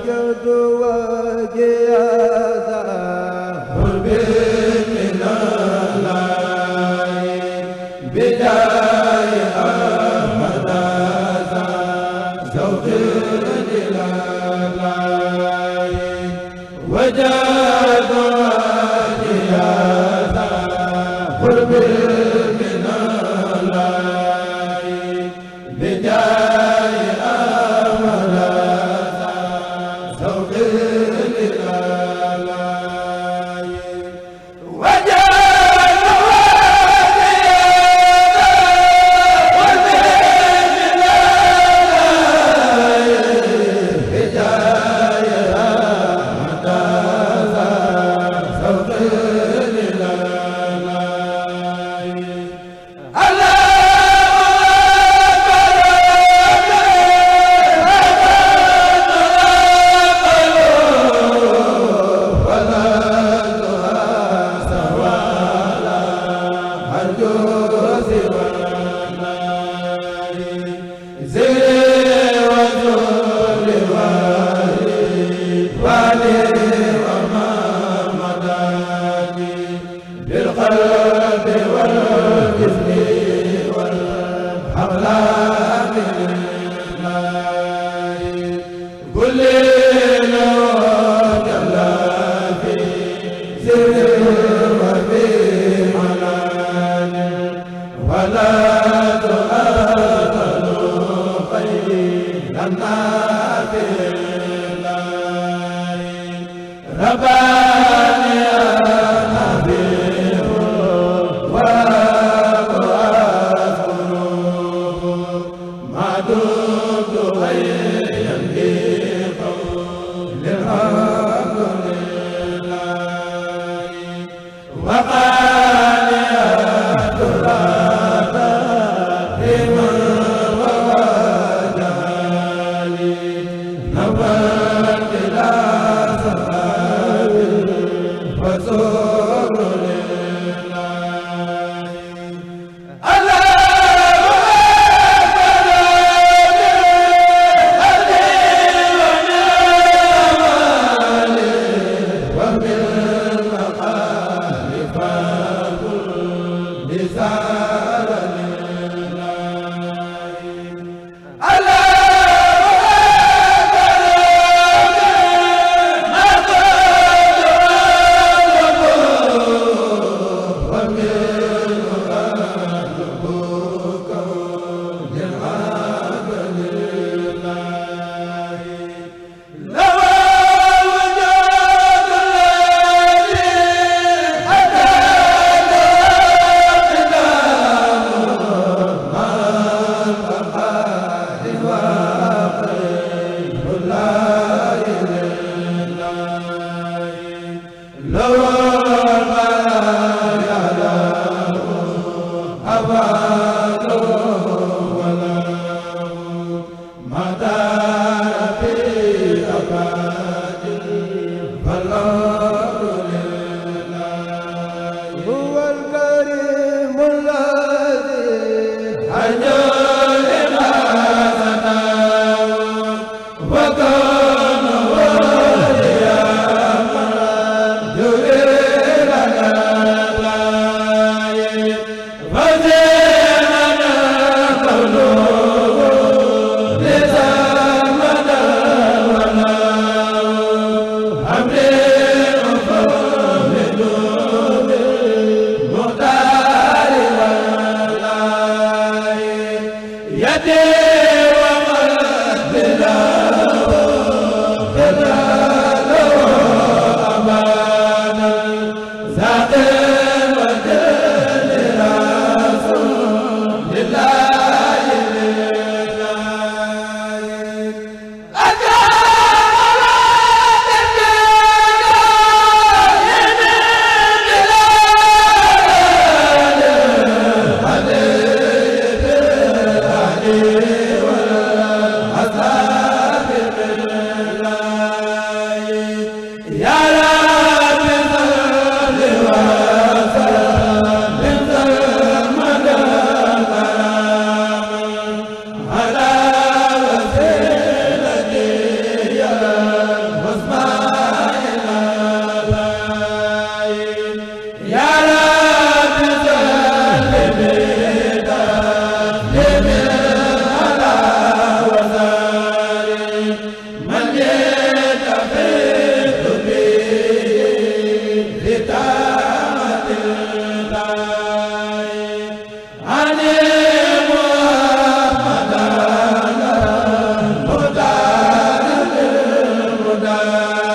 wajado ya sa ولا Mustafa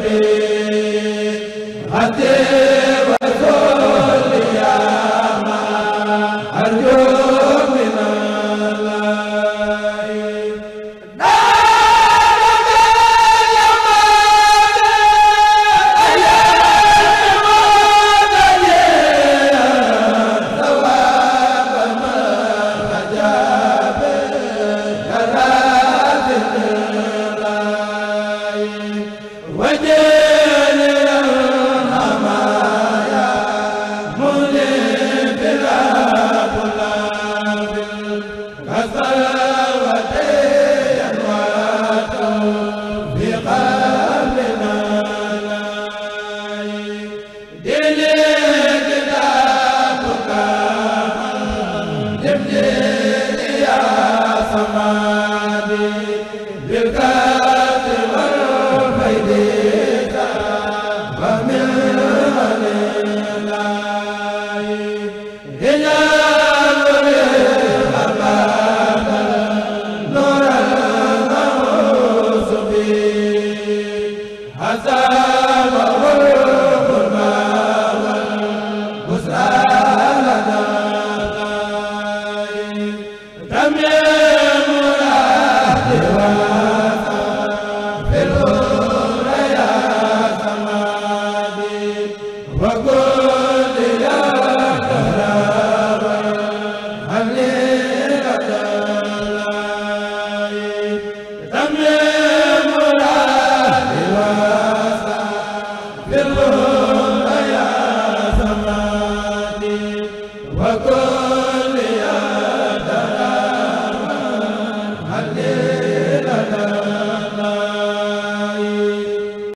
be bi